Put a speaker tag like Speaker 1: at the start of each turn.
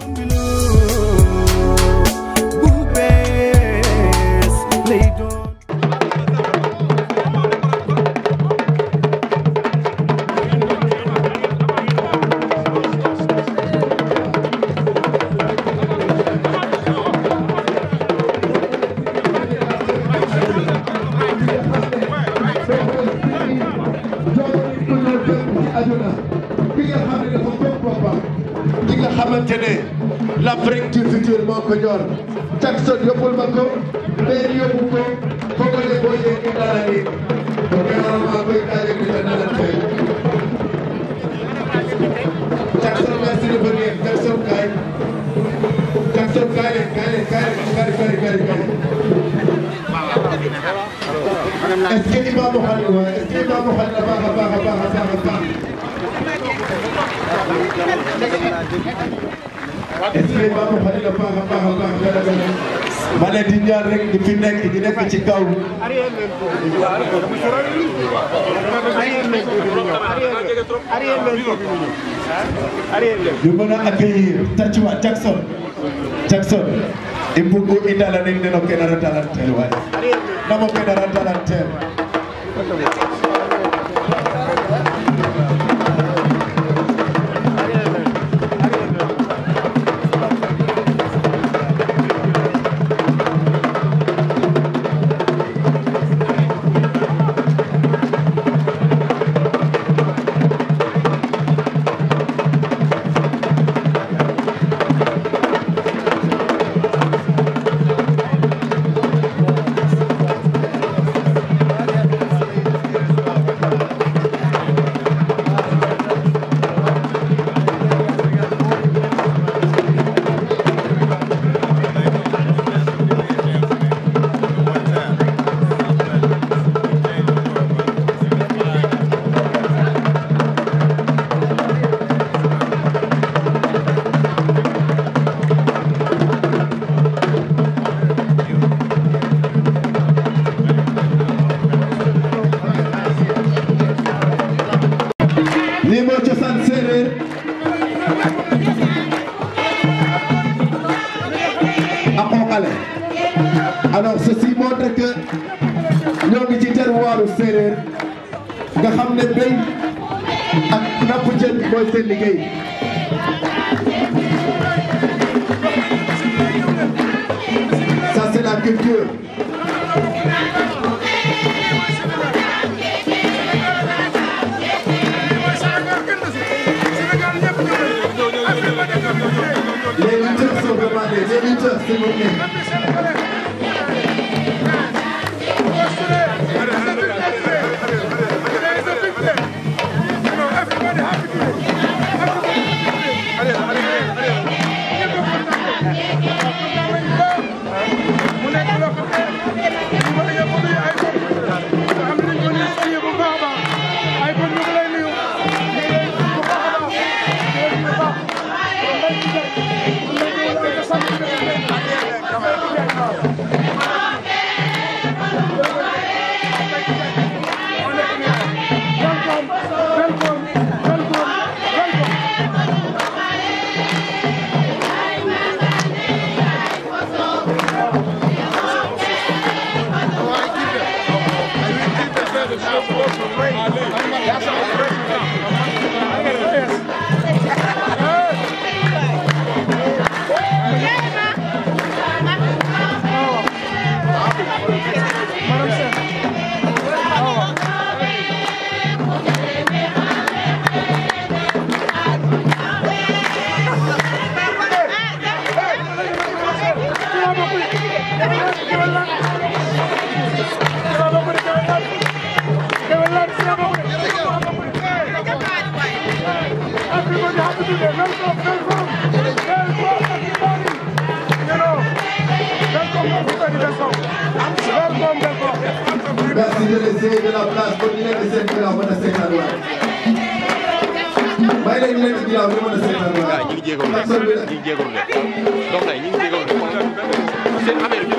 Speaker 1: Unbelievable. la préfecture future moo ko ñor Jackson yóbbul ma ko maire yóbbu ko foog ne boo yeggee dara nii bu ngeen waroon maa koy daje di ko naan tey Jackson merci de venir Jackson kaay Jackson kaay leen kaay leen kaay leen kaay kaay est-ce que Imam Khalil waa est-ce que Imam Khalil la baax a baax a baax a baax a baax esprit baa ko fari a baax a ma ne di ñaan rek di fi nekk di nekk ci kaw ñu mën a accueillir taccuwa Jackson Jackson i mbugu i dala nen neno ke nara dalantel waay namo ke nara dalantel alors ceci montre que ñoo ngi ci terroiru séeréer nga xam ne béy ak napp jën mooy seen liggéey ça c'est la culture les lutteurs sont demandés les lutteurs s'il vous plaît merci de laisser de la place ba ñu leen di seen ginnaaw mën a seetaan waay. bàyyi leen ñu leen di ginnaaw ñu mën a seetaan waay. waaw ñu ngi jéego ñu ngi jéego de dox nañ ñu ngi jéego de